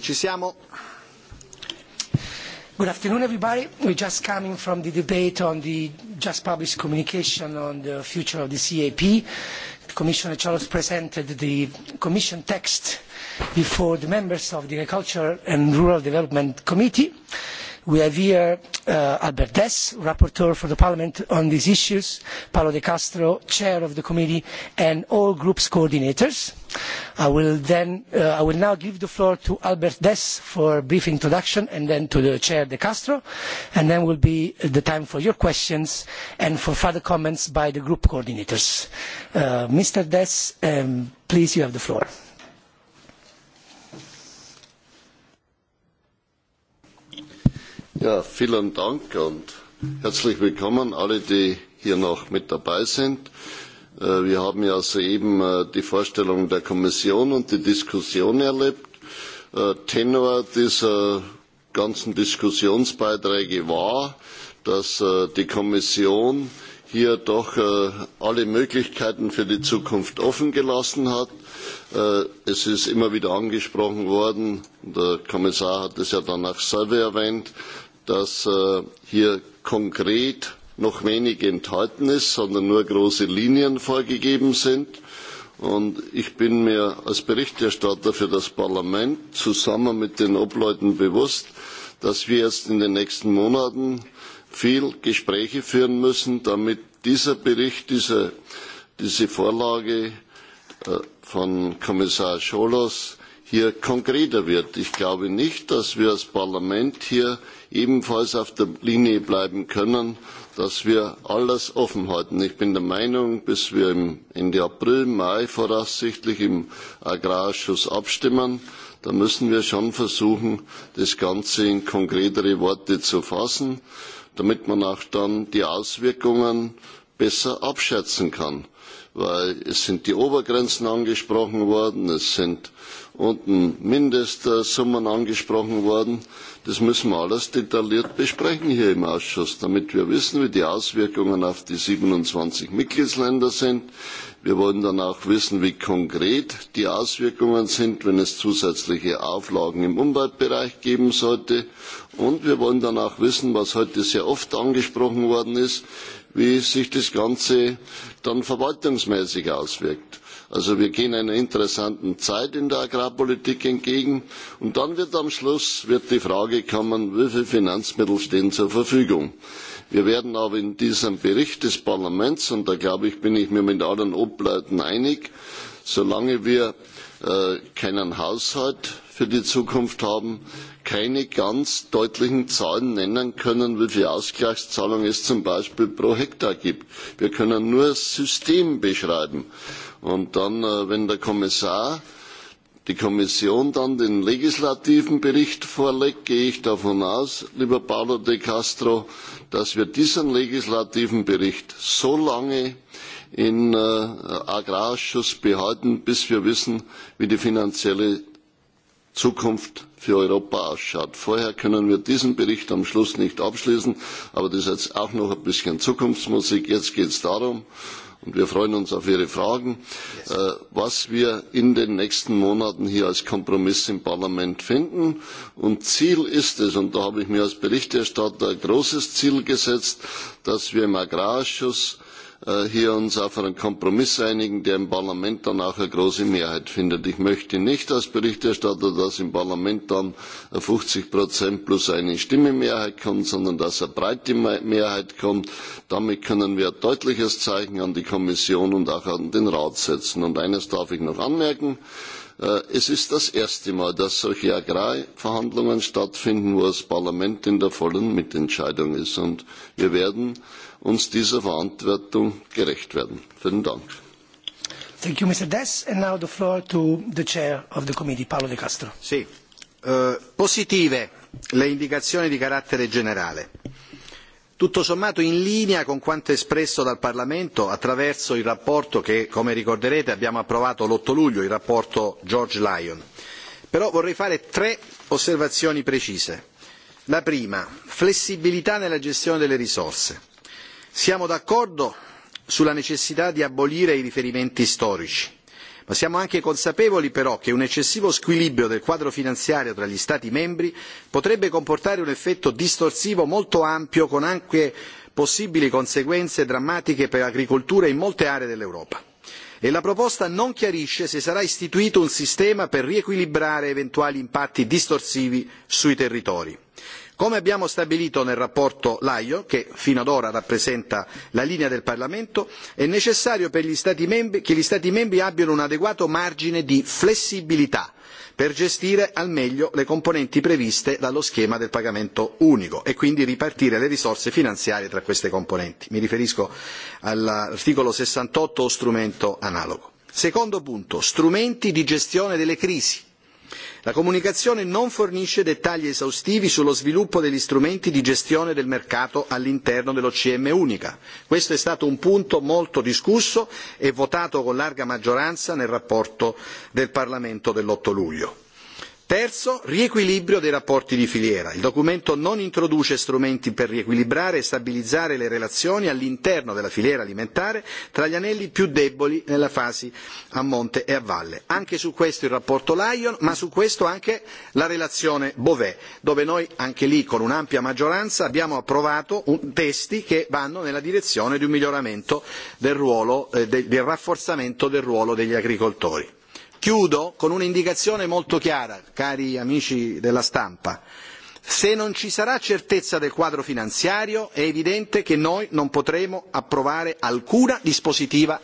ci siamo. Good afternoon, everybody. We're just coming from the debate on the just published communication on the future of the CAP. Commissioner Charles presented the Commission text before the members of the Agriculture and Rural Development Committee We have here Albert Dess, rapporteur for the Parliament on these issues, Paolo De Castro, chair of the committee, and all groups coordinators. I will now give the floor to Albert Dess for a brief introduction, and then to the chair De Castro, and then will be the time for your questions and for further comments by the group coordinators. Mr. Dess, please, you have the floor. vielen Dank und herzlich willkommen alle, die hier noch mit dabei sind. Wir haben ja soeben die Vorstellung der Kommission und die Diskussion erlebt. Tenor dieser ganzen Diskussionsbeiträge war, dass die Kommission hier doch alle Möglichkeiten für die Zukunft offen gelassen hat. Es ist immer wieder angesprochen worden, der Kommissar hat es ja danach selber erwähnt, dass hier konkret noch wenig enthalten ist, sondern nur große Linien vorgegeben sind. Und ich bin mir als Berichterstatter für das Parlament zusammen mit den Obleuten bewusst, dass wir jetzt in den nächsten Monaten viel Gespräche führen müssen, damit dieser Bericht, diese Vorlage von Kommissar Scholos hier konkreter wird. Ich glaube nicht, dass wir als Parlament hier ebenfalls auf der Linie bleiben können, dass wir alles offen halten. Ich bin der Meinung, bis wir Ende April, Mai voraussichtlich im Agrarausschuss abstimmen, da müssen wir schon versuchen, das Ganze in konkretere Worte zu fassen, damit man auch dann die Auswirkungen besser abschätzen kann. weil es sind die Obergrenzen angesprochen worden, es sind und Mindestsummen angesprochen worden. Das müssen wir alles detailliert besprechen hier im Ausschuss, damit wir wissen, wie die Auswirkungen auf die 27 Mitgliedsländer sind. Wir wollen dann auch wissen, wie konkret die Auswirkungen sind, wenn es zusätzliche Auflagen im Umweltbereich geben sollte. Und wir wollen dann auch wissen, was heute sehr oft angesprochen worden ist, wie sich das Ganze dann verwaltungsmäßig auswirkt. Also wir gehen einer interessanten Zeit in der Agrarpolitik entgegen. Und dann wird am Schluss die Frage kommen, wie viele Finanzmittel stehen zur Verfügung. Wir werden aber in diesem Bericht des Parlaments, und da glaube ich, bin ich mir mit allen Obleuten einig, solange wir keinen Haushalt für die Zukunft haben, keine ganz deutlichen Zahlen nennen können, wie viel Ausgleichszahlung es zum Beispiel pro Hektar gibt. Wir können nur das System beschreiben. Und dann, wenn der Kommissar die kommission dann den legislativen bericht vorlegt gehe ich davon aus lieber paolo de castro dass wir diesen legislativen bericht so lange im agrarausschuss behalten bis wir wissen wie die finanzielle zukunft für europa ausschaut. vorher können wir diesen bericht am schluss nicht abschließen aber das ist jetzt auch noch ein bisschen zukunftsmusik. jetzt geht es darum Wir freuen uns auf Ihre Fragen. Was wir in den nächsten Monaten hier als Kompromiss im Parlament finden. Und Ziel ist es, und da habe ich mir als Berichterstatter ein großes Ziel gesetzt, dass wir im Agrarausschuss hier uns auf einen Kompromiss einigen, der im Parlament dann auch eine große Mehrheit findet. Ich möchte nicht als Berichterstatter, dass im Parlament dann 50 plus eine Stimme kommt, sondern dass eine breite Mehrheit kommt. Damit können wir ein deutliches Zeichen an die Kommission und auch an den Rat setzen. Und eines darf ich noch anmerken Es ist das erste Mal, dass solche Agrarverhandlungen stattfinden, wo das Parlament in der vollen Mitentscheidung ist. Und wir werden uns dieser Verantwortung gerecht werden. Vielen Dank. Thank you, Mr. Dess. And now the floor to the chair of the committee, De Castro. Sì, positive le indicazioni di carattere generale tutto sommato in linea con quanto espresso dal Parlamento attraverso il rapporto che, come ricorderete, abbiamo approvato l' luglio, il rapporto George Lyon. Però vorrei fare tre osservazioni precise. La prima, flessibilità nella gestione delle risorse. Siamo d'accordo sulla necessità di abolire i riferimenti storici ma siamo anche consapevoli però che un eccessivo squilibrio del quadro finanziario tra gli stati membri potrebbe comportare un effetto distorsivo molto ampio con anche possibili conseguenze drammatiche per l'agricoltura in molte aree dell'europa e la proposta non chiarisce se sarà istituito un sistema per riequilibrare eventuali impatti distorsivi sui territori come abbiamo stabilito nel relazione Laio, che fino ad ora rappresenta la linea del parlamento è necessario che gli stati membri abbiano un adeguato margine di flessibilità per gestire al meglio le componenti previste dallo schema del pagamento unico e quindi ripartire le risorse finanziarie tra queste componenti mi riferisco all'articolo 68 o strumento analogo. secondo punto strumenti di gestione delle crisi. La comunicazione non fornisce dettagli esaustivi sullo sviluppo degli strumenti di gestione del mercato all'interno dell'OCM unica. Questo è stato un punto molto discusso e votato con larga maggioranza nel relazione del Parlamento dell'8 luglio. Terzo, riequilibrio dei rapporti di filiera. Il documento non introduce strumenti per riequilibrare e stabilizzare le relazioni all'interno della filiera alimentare tra gli anelli più deboli nella fase a monte e a valle. Anche su questo il rapporto Lyon, ma su questo anche la relazione Bové, dove noi anche lì con un'ampia maggioranza abbiamo approvato testi che vanno nella direzione di un miglioramento del ruolo, del rafforzamento del ruolo degli agricoltori. Chiudo con un'indicazione molto chiara, cari amici della stampa. Se non ci sarà certezza del quadro finanziario è evidente che noi non potremo approvare alcuna dispositiva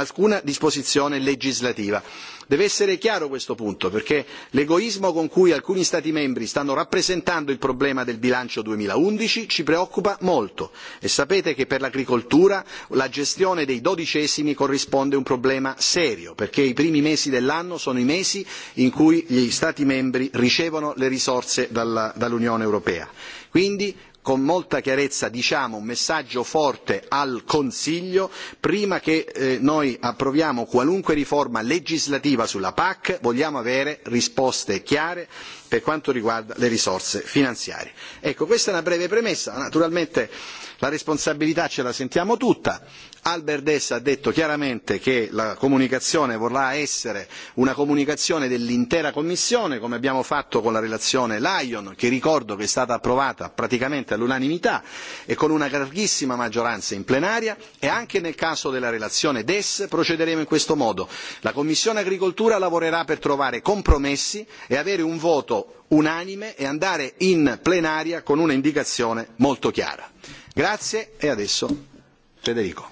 alcuna disposizione legislativa. Deve essere chiaro questo punto, perché l'egoismo con cui alcuni Stati membri stanno rappresentando il problema del bilancio 2011 ci preoccupa molto e sapete che per l'agricoltura la gestione dei dodicesimi corrisponde a un problema serio, perché i primi mesi dell'anno sono i mesi in cui gli Stati membri ricevono le risorse dall'Unione europea. Quindi con molta chiarezza diciamo un messaggio forte al Consiglio prima che noi approviamo qualunque riforma legislativa sulla PAC vogliamo avere risposte chiare per quanto riguarda le risorse finanziarie. Ecco, questa è una breve premessa, naturalmente la responsabilità ce la sentiamo tutta, Albert Dess ha detto chiaramente che la comunicazione vorrà essere una comunicazione dell'intera Commissione, come abbiamo fatto con la relazione Lyon, che ricordo che è stata approvata praticamente all'unanimità e con una larghissima maggioranza in plenaria e anche nel caso della relazione Dess procederemo in questo modo. La Commissione Agricoltura lavorerà per trovare compromessi e avere un voto unanime e andare in plenaria con un'indicazione molto chiara. Grazie e adesso Federico.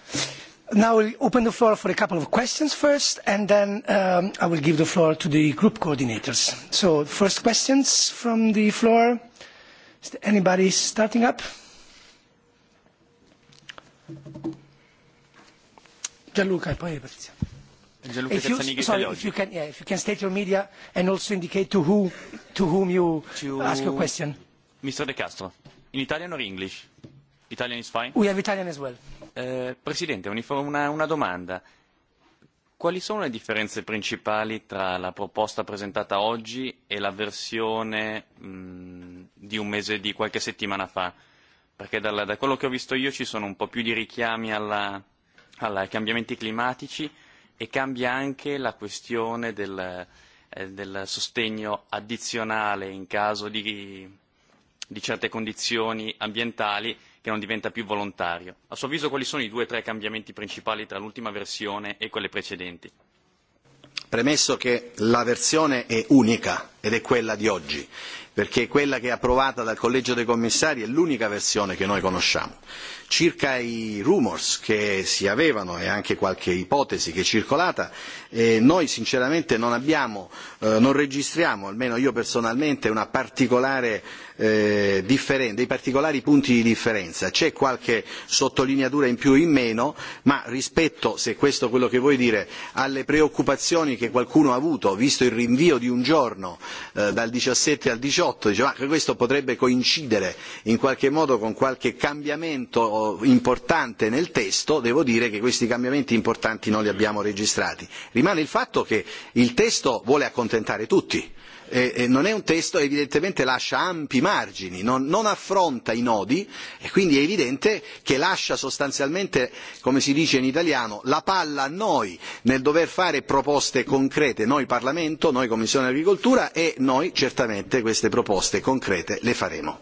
Now we'll open the floor for a couple of questions first, and then I will give the floor to the group coordinators. So first questions from the floor. Is there anybody starting up? Gianluca, poi Patrizia. Gianluca Sorry, if you can, yeah, if you can state your media and also indicate to who, to whom you ask your question. Mr. De Castro, in Italian or English? Italian is fine? Presidente, una domanda. Quali sono le differenze principali tra la proposta presentata oggi e la versione di un mese di qualche settimana fa? Perché da quello che ho visto io ci sono un po' più di richiami ai cambiamenti climatici e cambia anche la questione del sostegno addizionale in caso di di certe condizioni ambientali che non diventa più volontario. A suo avviso quali sono i due o tre cambiamenti principali tra l'ultima versione e quelle precedenti? Premesso che la versione è unica ed è quella di oggi perché quella che è approvata dal collegio dei commissari è l'unica versione che noi conosciamo. circa i rumors che si avevano e anche qualche ipotesi che è circolata noi sinceramente non abbiamo non registriamo almeno io personalmente una particolare dei particolari punti di differenza c'è qualche sottolineatura in più in meno ma rispetto se questo è quello che vuoi dire alle preoccupazioni che qualcuno ha avuto visto il rinvio di un giorno dal 17 al 18 diceva che questo potrebbe coincidere in qualche modo con qualche cambiamento importante nel testo devo dire che questi cambiamenti importanti non li abbiamo registrati rimane il fatto che il testo vuole accontentare tutti non è un testo evidentemente lascia ampi margini non affronta i nodi e quindi è evidente che lascia sostanzialmente come si dice in italiano la palla a noi nel dover fare proposte concrete noi parlamento noi commissione agricoltura e noi certamente queste proposte concrete le faremo.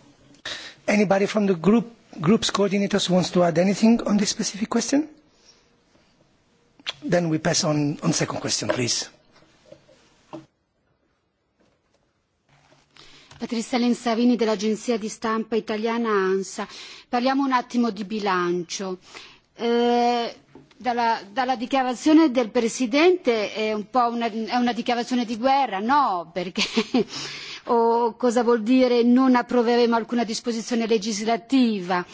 Patrizia Lensavini dell'agenzia di stampa italiana ANSA. Parliamo un attimo di bilancio. Dalla dichiarazione del Presidente è un po' una dichiarazione di guerra, no, perché o cosa vuol dire non approveremo alcuna disposizione legislativa,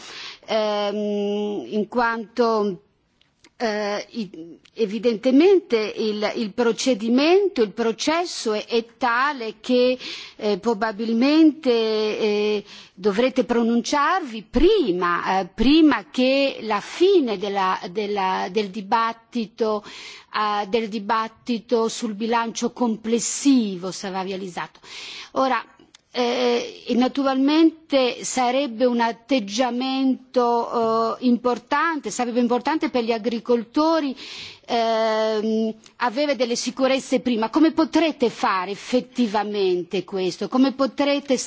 in quanto evidentemente il procedimento il processo è tale che probabilmente dovrete pronunciarvi prima prima che la fine del dibattito del dibattito sul bilancio complessivo sarà realizzato e naturalmente sarebbe un atteggiamento importante sarebbe importante per gli agricoltori avere delle sicurezze prima come potrete fare effettivamente questo come potrete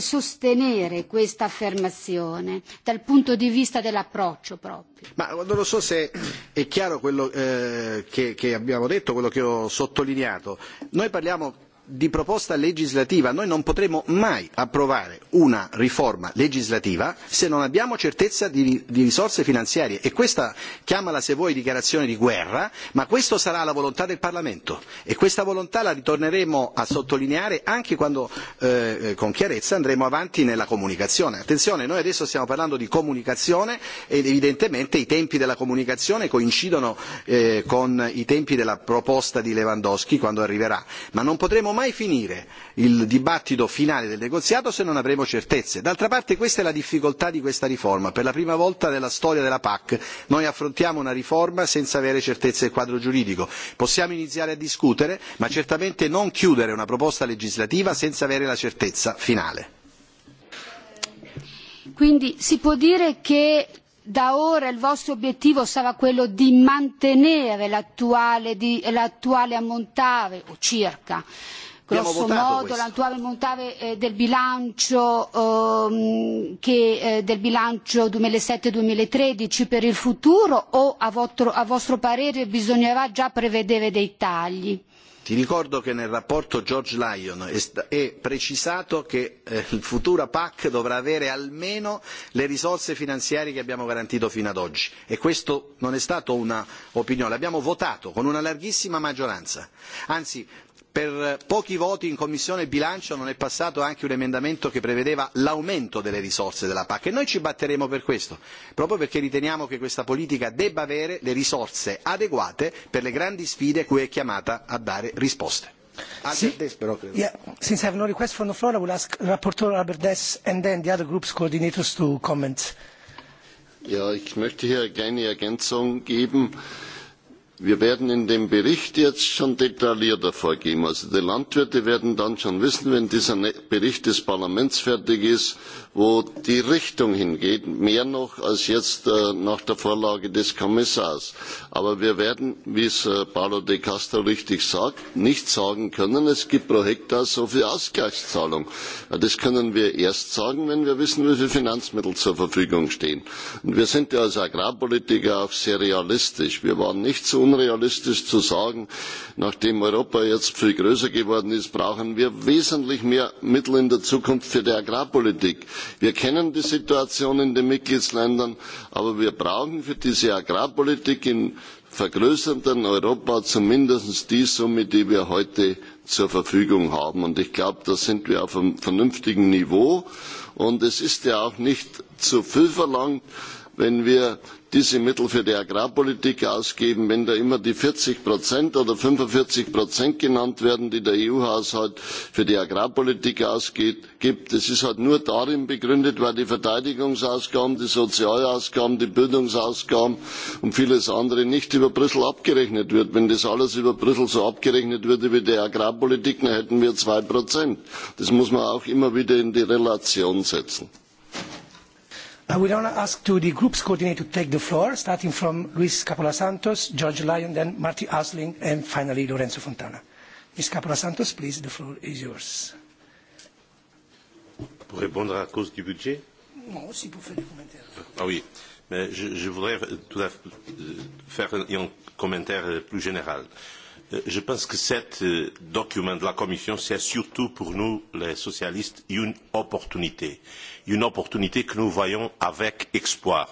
sostenere questa affermazione dal punto di vista dell'approccio proprio? non lo so se è chiaro quello che abbiamo detto quello che ho sottolineato noi parliamo di proposta legislativa noi non potremo mai approvare una riforma legislativa se non abbiamo certezza di risorse finanziarie e questa chiamala se vuoi dichiarazione di guerra ma questa sarà la volontà del parlamento e questa volontà la ritorneremo a sottolineare anche quando con chiarezza andremo avanti nella comunicazione. attenzione noi adesso stiamo parlando di comunicazione ed evidentemente i tempi della comunicazione coincidono con i tempi della proposta di lewandowski quando arriverà ma non potremo mai finire il dibattito finale del negoziato se non avremo certezze. d'altra parte questa è la difficoltà di questa riforma per la prima volta nella storia della pac noi affrontiamo una riforma senza avere certezze del quadro giuridico. possiamo iniziare a discutere ma certamente non chiudere una proposta legislativa senza avere la certezza finale. quindi si può dire che da ora il vostro obiettivo sarà quello di mantenere l'attuale ammontare o circa grosso modo l'attuale montante del bilancio del bilancio 2007-2013 per il futuro o a vostro parere bisognerà già prevedere dei tagli? Ti ricordo che nel rapporto George Lyon è precisato che il futuro PAC dovrà avere almeno le risorse finanziarie che abbiamo garantito fino ad oggi e questo non è stata un'opinione, l'abbiamo votato con una larghissima maggioranza per pochi voti in commissione bilancio non è passato anche un emendamento che prevedeva l'aumento delle risorse della pac e noi ci batteremo per questo proprio perché riteniamo che questa politica debba avere le risorse adeguate per le grandi sfide cui è chiamata a dare risposte. ich möchte hier Ergänzung geben wir werden in dem bericht jetzt schon detaillierter vorgehen. also die landwirte werden dann schon wissen wenn dieser bericht des parlaments fertig ist wo die richtung hingeht mehr noch als jetzt nach der vorlage des kommissars. aber wir werden wie es paolo de castro richtig sagt nicht sagen können es gibt pro hektar so viel ausgleichszahlung. das können wir erst sagen wenn wir wissen wie viele finanzmittel zur verfügung stehen. Und wir sind ja als agrarpolitiker auch sehr realistisch. wir waren nicht unrealistisch zu sagen, nachdem Europa jetzt viel größer geworden ist, brauchen wir wesentlich mehr Mittel in der Zukunft für die Agrarpolitik. Wir kennen die Situation in den Mitgliedstaaten, aber wir brauchen für diese Agrarpolitik in vergrößerten Europa zumindest die Summe, die wir heute zur Verfügung haben. ich glaube, da sind wir auf einem vernünftigen Niveau. Und es ist ja auch nicht zu viel verlangt, wenn wir diese mittel für die agrarpolitik ausgeben wenn da immer die vierzig oder fünfundvierzig genannt werden die der eu haushalt für die agrarpolitik ausgibt. das ist halt nur darin begründet weil die verteidigungsausgaben die sozialausgaben die bildungsausgaben und vieles andere nicht über brüssel abgerechnet wird. wenn das alles über brüssel so abgerechnet würde wie die agrarpolitik dann hätten wir zwei das muss man auch immer wieder in die relation setzen. I will now ask to the group's coordinator to take the floor, starting from Luis Capolasantos, George Lyon, then Marty Asling, and finally Lorenzo Fontana. Ms. Capolasantos, please, the floor is yours. Pour répondre à cause du budget Non, aussi pour faire des commentaires. Ah oui, mais je, je voudrais tout d'abord faire un commentaire plus général je pense que ce document de la Commission, c'est surtout pour nous, les socialistes, une opportunité. Une opportunité que nous voyons avec espoir.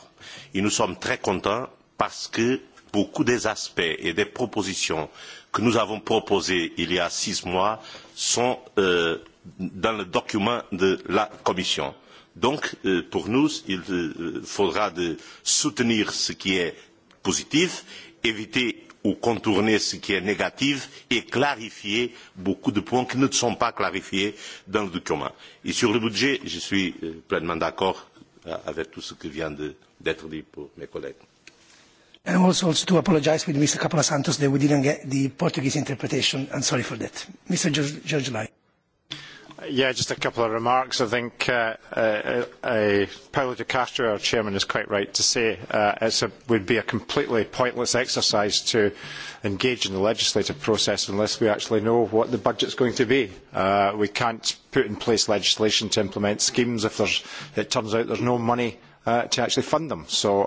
Et nous sommes très contents parce que beaucoup des aspects et des propositions que nous avons proposées il y a six mois sont dans le document de la Commission. Donc, pour nous, il faudra soutenir ce qui est positif, éviter ou contourner ce qui est négatif et clarifier beaucoup de points qui ne sont pas clarifiés dans le document. Et sur le budget, je suis pleinement d'accord avec tout ce qui vient d'être dit pour mes collègues. And also, also to apologize with Mr. Capolasantos that we didn't get the Portuguese interpretation. I'm sorry for that. Mr. George Lai. Yeah, just a couple of remarks. I think Paolo De Castro, our chairman, is quite right to say it would be a completely pointless exercise to engage in the legislative process unless we actually know what the budget is going to be. We can't put in place legislation to implement schemes if it turns out there's no money to actually fund them. So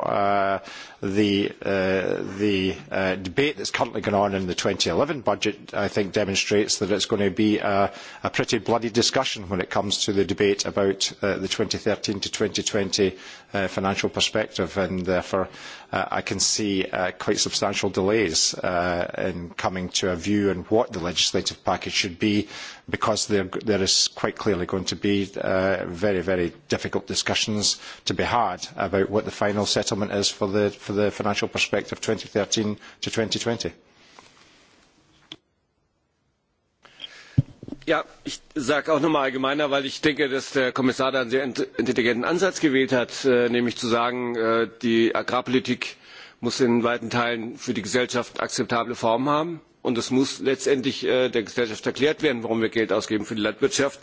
the debate that's currently going on in the 2011 budget, I think, demonstrates that it's going to be a pretty bloody discussion when it comes to the debate about the 2013 to 2020 financial perspective, and therefore I can see quite substantial delays in coming to a view on what the legislative package should be, because there is quite clearly going to be very, very difficult discussions to be had about what the final settlement is for the for the financial perspective 2013 to 2020. Ja, ich sage auch nochmal allgemeiner, weil ich denke, dass der Kommissar da einen sehr intelligenten Ansatz gewählt hat, nämlich zu sagen, die Agrarpolitik muss in weiten Teilen für die Gesellschaft akzeptable Formen haben und es muss letztendlich der Gesellschaft erklärt werden, warum wir Geld ausgeben für die Landwirtschaft.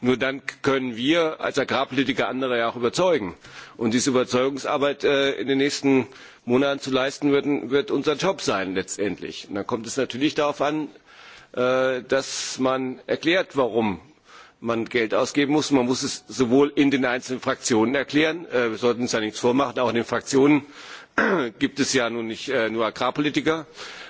Nur dann können wir als Agrarpolitiker andere ja auch überzeugen. Und diese Überzeugungsarbeit in den nächsten Monaten zu leisten, wird unser Job sein letztendlich. Dann kommt es natürlich darauf an, dass man erklärt, warum man Geld ausgeben muss. Man muss es sowohl in den einzelnen Fraktionen erklären, wir sollten uns ja nichts vormachen, auch in den Fraktionen gibt es ja nun nicht nur agrarpolitiker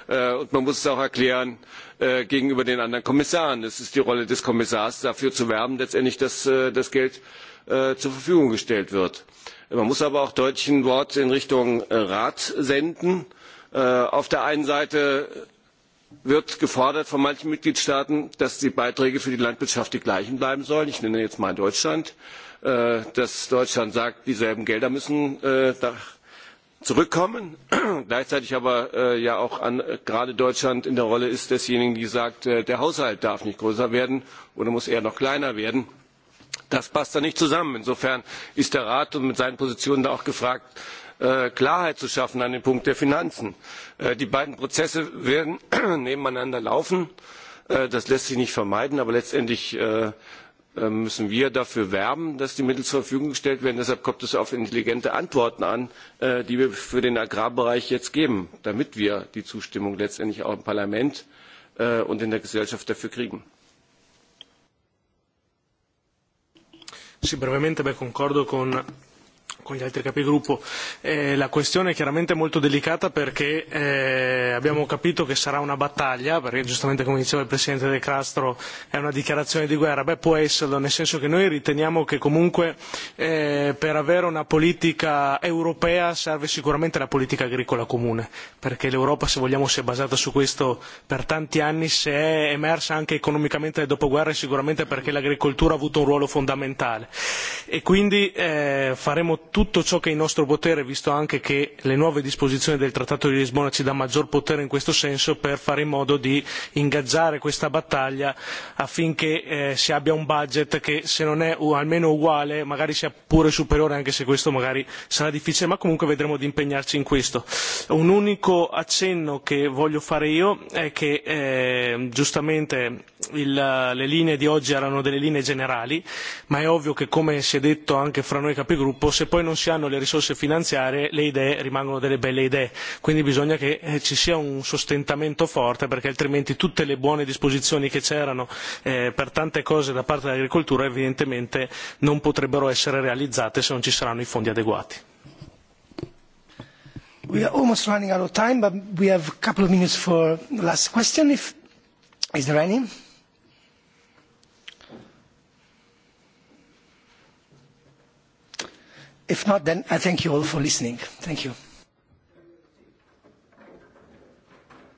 und man muss es auch erklären gegenüber den anderen kommissaren. es ist die rolle des kommissars dafür zu werben letztendlich dass das geld zur verfügung gestellt wird. man muss aber auch deutlich ein wort in richtung rat senden. auf der einen seite wird gefordert von manchen mitgliedstaaten dass die beiträge für die landwirtschaft die gleichen bleiben sollen. ich nenne jetzt mal deutschland dass deutschland sagt dieselben gelder müssen zurückkommen, gleichzeitig aber ja auch gerade Deutschland in der Rolle ist desjenigen, die sagt, der Haushalt darf nicht größer werden oder muss eher noch kleiner werden. Das passt da nicht zusammen. Insofern ist der Rat mit seinen Positionen da auch gefragt, Klarheit zu schaffen an dem Punkt der Finanzen. Die beiden Prozesse werden nebeneinander laufen. Das lässt sich nicht vermeiden, aber letztendlich müssen wir dafür werben, dass die Mittel zur Verfügung gestellt werden. Deshalb kommt es auf intelligente Antworten an, die wir für den Agrarbereich jetzt geben, damit wir die Zustimmung letztendlich auch im Parlament und in der Gesellschaft dafür kriegen. concordo con con gli altri capigruppo. La questione è chiaramente molto delicata perché abbiamo capito che sarà una battaglia, perché giustamente come diceva il Presidente De Castro è una dichiarazione di guerra. Beh, può esserlo, nel senso che noi riteniamo che comunque per avere una politica europea serve sicuramente la politica agricola comune, perché l'Europa, se vogliamo, si è basata su questo per tanti anni, se è emersa anche economicamente nel dopoguerra è sicuramente perché l'agricoltura ha avuto un ruolo fondamentale. E quindi faremo tutto ciò che è in nostro potere visto anche che le nuove disposizioni del trattato di lisbona ci dà maggior potere in questo senso per fare in modo di ingaggiare questa battaglia affinché si abbia un budget che se non è almeno uguale magari sia pure superiore anche se questo magari sarà difficile ma comunque vedremo di impegnarci in questo. un unico accenno che voglio fare io è che giustamente le linee di oggi erano delle linee generali ma è ovvio che come si è detto anche fra noi capigruppo se non si hanno le risorse finanziarie le idee rimangono delle belle idee quindi bisogna che ci sia un sostentamento forte perché altrimenti tutte le buone disposizioni che c'erano per tante cose da parte dell'agricoltura evidentemente non potrebbero essere realizzate se non ci saranno i fondi adeguati. We are If not, then I thank you all for listening. Thank you.